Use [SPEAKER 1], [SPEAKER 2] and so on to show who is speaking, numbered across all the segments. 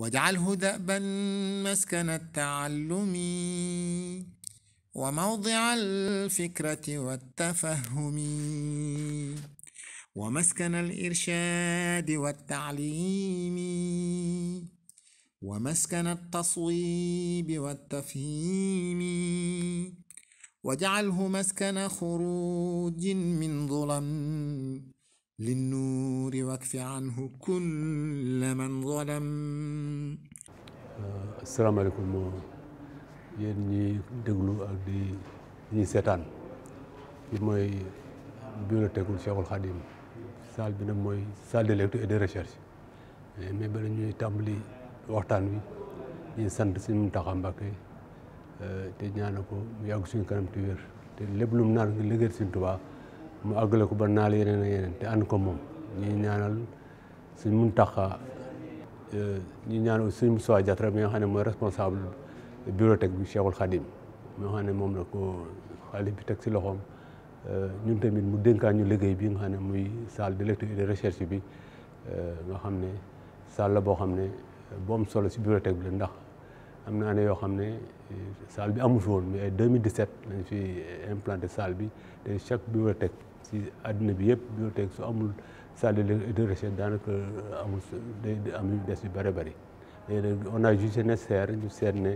[SPEAKER 1] واجعله دأبا مسكن التعلم وموضع الفكرة والتفهم ومسكن الإرشاد والتعليم ومسكن التصويب والتفهيم واجعله مسكن خروج من ظلم للنور واكف عنه كل من ظلم
[SPEAKER 2] euh, asalaamaaleykum yéen ñi déglu ak di ñi seetaan bi mooy bibliothèque Cheikhul Khadim salle bi nag mooy salle de lecture et de recherche eh, mais bala ñuy tàmbali waxtaan wi ñu sant suñu Mountakha Mbacké euh, te ñaana ko mu yàgg suñu kanam te wér te lépp lu mu naan liggéeyal suñu Tuubaa mu àggale ko ba naal yeneen ak yeneen te ànd ko moom ñuy ñaanal suñ mun taxa ñu ñaanal suñ Moussa Diatra mi xam ne mooy responsable bibliothèque bi Cheikhul Khadim mi nga xam ne moom la ko xaalis bi teg si loxoom ñun tamit mu dénkaan ñu liggéey bi nga xam ne muy salle de lecture et de recherche bi nga xam ne salle la boo xam ne bu solo si bibliothèque bi ndax am na année yoo xam ne euh, salle bi amu fi woon mais ay 2017 nañu fi euh, implanté salle bi te chaque bibliothèque si àddina bi yëpp bibliothèque su amul salle de recherche daanaka euh, amul day am yu des bëri bëri léegi on a jugé nécessaire ñu seet ne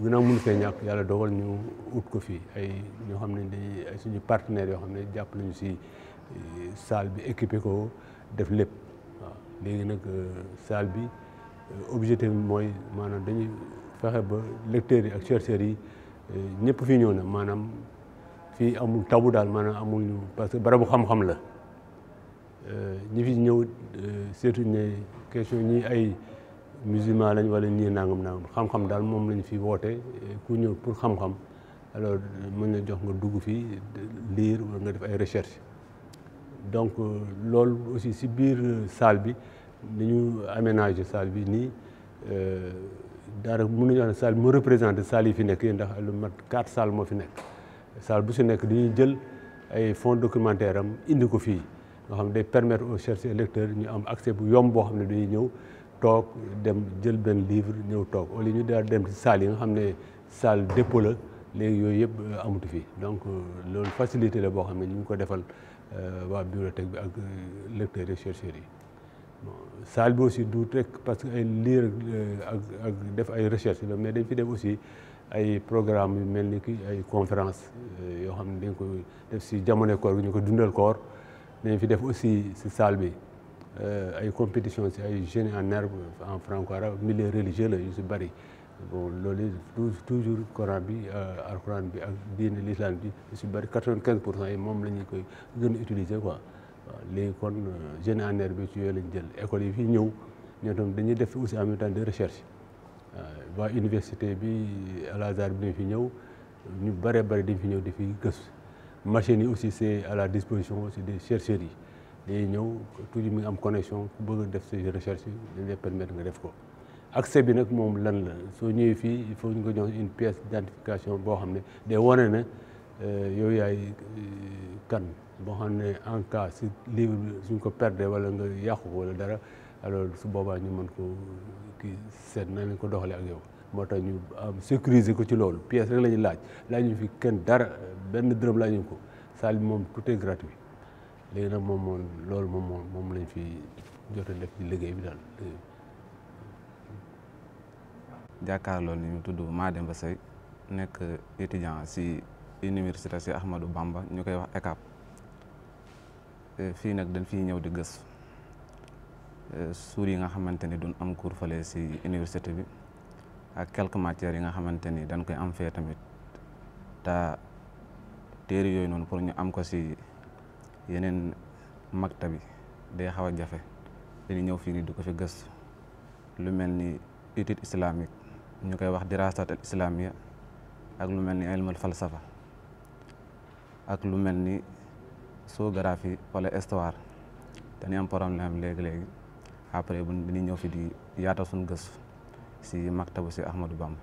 [SPEAKER 2] ginnaaw mënu fee ñàkk yàlla dogal ñu ut ko fii ay ñoo xam ne dañuy suñu partenaires yoo xam ne jàpp nañu si salle bi équipé ko def lépp waaw nag salle bi. objectif mooy maanaam dañuy fexe ba lecteurs yi ak chercheurs yi eh, ñëpp fii ñëw na maanaam fii amul tabu daal maanaam amul ñu parce que barabu xam-xam la eh, ñi fi ñëw eh, surtout ne question ñi ay musulman lañ wala ñii nangam nangam xam-xam daal moom lañ fi woote ku ñëw pour xam-xam alors mën na jox nga dugg fii liir wala nga def ay recherche donc euh, loolu aussi si biir euh, salle bi ni ñu aménagé salle bi nii euh, daara mën nañu wax ne salle bi moo représenté salle yi fi nekk yi ndax lu mat quatre salles moo fi nekk salle bu si nekk dañuy jël ay fonds documentaires am indi ko fii nga xam ne day permettre au chercheurs et lecteurs ñu am accès bu yomb boo xam ne dañuy ñëw toog dem jël benn livre ñëw toog au lieu ñu daar dem ci yi nga xam ne salle dépôt la léegi yooyu yëpp euh, amatu fi donc euh, loolu facilité la boo xam ne ñu ngi ko defal waa bibliothèque bi ak lecteurs et yi saal bi aussi du rek parce que ay liir euh, ak ak def ay recherche la mais dañ fi def aussi ay programme yu mel ni ki ay conférence euh, yoo xam ne dañ ko def si jamono koor gi ñu ko dundal koor dañ fi def aussi si saal bi euh, ay compétition ay jeunes en herbe en franco-arabe milieu religieux la yu si bëri bon loolu toujours coran bi alquran bi ak diine l'islam bi yu si bari quatre-vingt-quinze pour cent yi moom la ñu koy gën a utiliser waaw léegi kon euh, jeunes en herbe bi ci yooyu lañ jël école yi fi ñëw ñoo tam dañuy def aussi en même de recherche waa université bi Al Azhar bi dañ fi ñëw ñu bare bare di fi ñëw di fi gëstu machines yi aussi c'est à la disposition aussi des chercheurs yi dañuy ñëw toujours mi ngi am connexion ku bëgg a def si recherches dañ lay permettre nga def ko accès bi nag moom lan la soo ñëwee fii il faut ñu ko jox une pièce d'identification boo xam ne day wane ne euh, yow yaay euh, kan boo xam ne en cas si livre suñ ko perdre wala nga yàqu ko wala dara alors su boobaa ñu mën ko kii seet na lañ ko doxalee ak yow moo tax ñu am sécuriser ko ci loolu pièce rek la laaj laaj ñu fi kenn dara benn dërëm laaj ko salle bi moom tout est gratuit léegi nag moom moom loolu moom moom lañ fi jot a def ci liggéey bi daal.
[SPEAKER 3] jàkkaarloo ni ñu tudd Mademba Seye nekk étudiant si université si Ahmadou Bamba ñu koy wax ECAP. Euh, fii nag dañ fiy ñëw di gës euh, suur yi nga xamante ni duñ am cours fale si université bi ak quelques matières yi nga xamante ni dañ koy am fee tamit te téere yooyu noonu pour ñu am ko si yeneen makta bi day xaw a jafe dañuy ñëw fii ni di ko fi gës lu mel ni étude islamique ñu koy wax dirasat al islamia ak lu mel ni ilmal falsafa ak lu mel ni géographie wala histoire dañuy am problème léegi-léegi après bu dañuy ñëw fi di yaatal suñu gëstu si maktabu si Ahmadou Bamba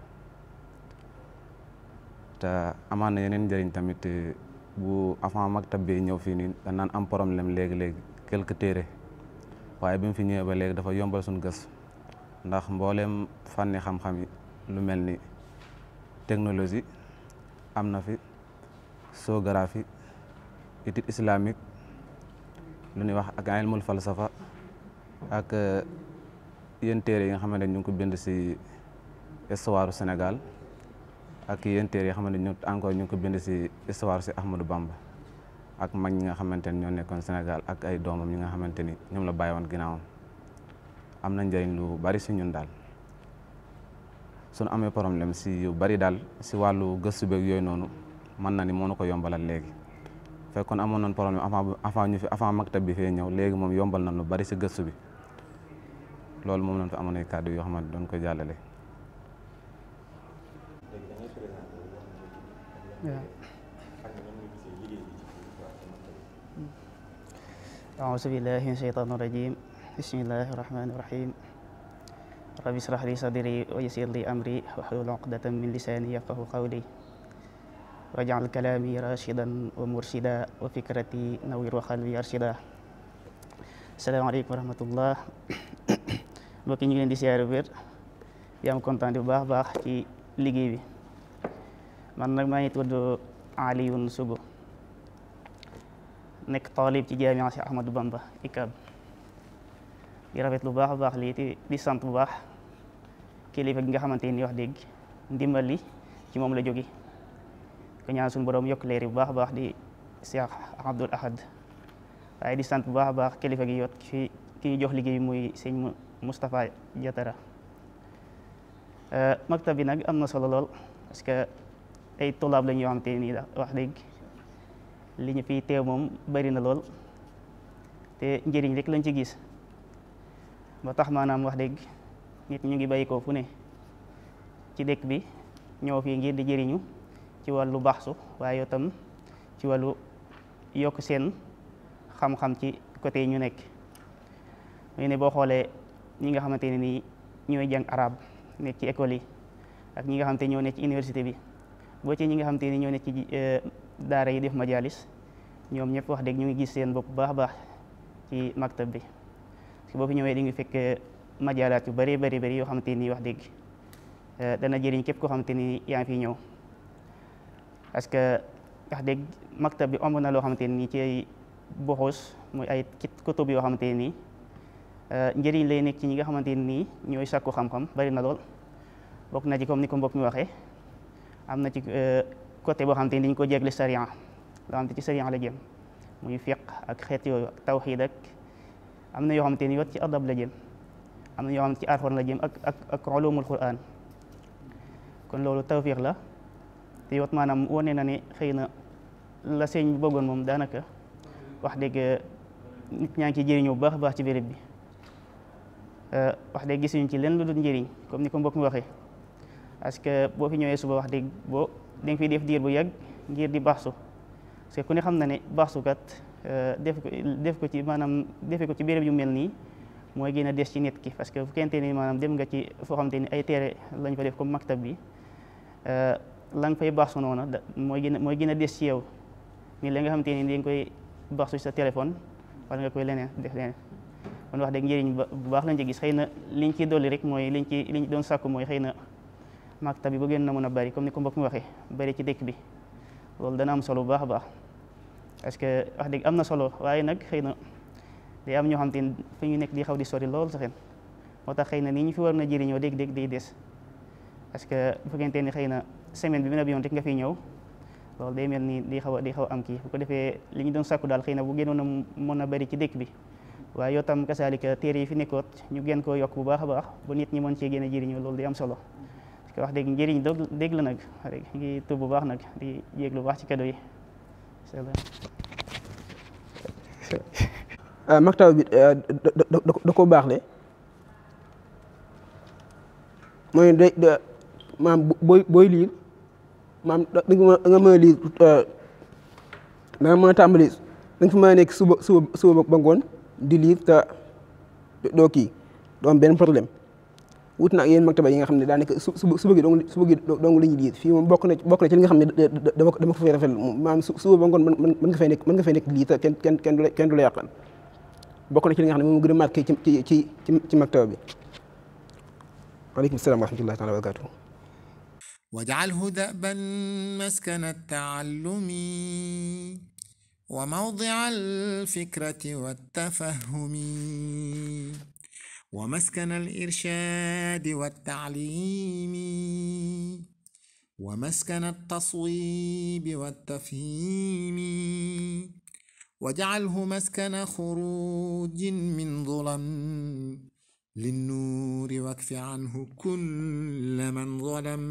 [SPEAKER 3] te amaan na yeneen njëriñ tamit eh, bu avant maktab bi ñëw fii nii danaan am leem léegi-léegi quelque téere waaye bi mu fi ñëwee ba léegi dafa yombal suñu gës ndax mbooleem fànni xam-xam yi lu mel ni technologie am na fi géographie étude islamique lu ñuy wax ak ilmul falsafa ak euh, yenn téere yi nga xamante ne ñu ko bind si histoire Sénégal ak yenn téere yi nga xamante ne ñu ko bind si histoire si Ahmadou Bamba ak mag ñi nga xamante ni ñoo nekkoon Sénégal ak ay doomam ñi nga xamante ni ñoom la bàyyi woon ginnaawam am na njëriñ lu bari si ñun daal suñu amee problème si yu bari daal si wàllu gëstu beeg yooyu noonu mën na ni moo nu ko yombalal léegi fekk kon amoon nañ problème avant avant ñu fi avant maktab bi fee ñëw léegi moom yombal nañ lu bari si gëstu bi loolu moom lañ fa amoon ay kàddu yoo xamante doon koy jàllale.
[SPEAKER 4] أعوذ بالله من الشيطان الرجيم بسم الله الرحمن الرحيم رب اشرح لي صدري ويسر لي أمري واحلل عقدة من لساني يفقه قولي wajal kalaami rashidan wa murshida wa fikrati nawir wa xalbi arshida salaamaaleykum wa rahmatullah mbokk ñu ngi leen di siyaare wér bu baax baax ci liggéey bi man nag maa ngi tudd Alioune Sougo nekk taalib ci jaamiya si Ahmadou Bamba ICAB di rafet lu baax baax lii di sant bu baax kilifa gi nga xamante ni wax dégg ndimbal li ci moom la jóge ko ñaan suñu borom yokk leer bu baax a baax di Cheikh Abdoul Ahad waaye di sant bu baax a baax kilifa gi yot ki ki jox liggéey muy sëñ Moustapha Diatara eh, maktab bi nag am na solo lool parce que ay tulaab la ñuy yoo xam wax dëgg li ñu fiy teew moom bari na lool te njëriñ rek lañ ci gis ba tax maanaam wax dëgg nit ñu ngi bàyyi ko fu ne ci dëkk bi ñoo fii ngir di jëriñu ci wàllu baxsu waaye itam ci wàllu yokk seen xam-xam ci côté yi ñu nekk muy ne boo xoolee ñi nga xamante ne nii ñooy jàng arab nekk ci école yi ak ñi nga xamante ñoo nekk ci université bi boo ci ñi nga xamante ni ñoo nekk ci euh, daara yi def majalis ñoom ñëpp wax dëgg ñu ngi gis seen bopp baax baax ci maktab bi parce boo fi ñëwee di nga fekk euh, majalaat yu bari bari bari yoo xamante ni wax dégg euh, dana jëriñ képp koo xamante ni yaa ngi fi ñëw parce que ndax dégg maktab bi omb na loo xamante ne nii ci ay buxuus muy ay kutub yoo xamante ne nii euh, njëriñ lay nekk ci ñi nga xamante ne nii ñooy sàkku xam-xam bari na lool bokk na ci comme ni ko mbokk mi waxee am na ci euh, côté boo xamante ni dañu ko jégle sariya loo xamante ci sariya la jëm muy fiq ak xeet yooyu ak tawxiid ak am na yoo xamante ni yot ci adab la jëm am na yoo xamante ci alxuraan la jëm ak ak ak ulumul quraan kon loolu tawfiq la te yot maanaam wane na ne xëy na la sëñ bi bëggoon moom daanaka wax dëgg nit ñaa ngi ciy jëriñoo bu baax baax ci béréb bi wax dëgg gisuñu ci leen lu dul njëriñ comme ni ko mbokk mi waxee parce que boo fi ñëwee suba wax dëgg boo da fiy def diir bu yàgg ngir di baaxsu parce que ku ne xam na ne baaxsukat eh, def ko def ko ci maanaam defe ko ci béréb yu mel nii mooy gën des ci nit ki parce que bu kente maanaam dem nga ci foo xamante ni ay teere lañ fa def comme maktab bi eh, la nga fay baax su noonu mooy gën mooy gën a des ci yow nii la nga xamante ni dañ koy baax su sa téléphone wala nga koy leneen def leneen kon wax dëgg njëriñ bu baax lañ ci gis na liñ ci dolli rek mooy liñ ci liñ doon sàkku mooy xëy na maktab bi ba gën na mën a bari comme ni ko mbokk mi waxee bari ci dëkk bi loolu dana am solo bu baax a baax parce que wax dëgg am na solo waaye nag xëy na day am ñoo xamante ni fi ñu nekk di xaw di sori lool saxen moo tax xëy na nii ñu fi war na jëriñoo dégg-dégg day des parce que bu ni xëy na semaine bi benn avion rek nga fiy ñëw loolu day mel ni di xaw a di xaw a am kii bu ko defee li ñu doon sàkku daal xëy na bu génnoon a mën a bëri ci dëkk bi waaye yoo tam kasaalika euh, téere yi fi nekkoot ñu gën koo yokk bu baax a baax ba nit ñi mën cee gën a jëriñoo loolu day am solo parce wax dëgg njëriñ doog dégg la nag rek ngi tub bu baax nag di jéeg lu baax ci cadeau yi
[SPEAKER 3] euh, maktaw bi euh, da ko baax de maam booy booy liir maam da nga mën a liir euh, da nga mën da nga fi mën nekk suba suba suba ba ngoon di liir te doo kii doo am benn problème wut na maktaba yi nga xam ne daanaka su suba suba gi dong suba gi dong la ñuy liir fii bokk nga xam ne dama ko dama ko fay rafetlu maam suba ba ngoon nekk mën nga fay nekk liir te kenn kenn kenn du la kenn la yàqal na ci li nga xam ne moom gën a marqué ci ci ci ci maktaba bi. waaleykum salaam wa rahmatullahi taala wa
[SPEAKER 1] واجعله دأبا مسكن التعلم وموضع الفكرة والتفهم ومسكن الإرشاد والتعليم ومسكن التصويب والتفهيم واجعله مسكن خروج من ظلم للنور واكف عنه كل من ظلم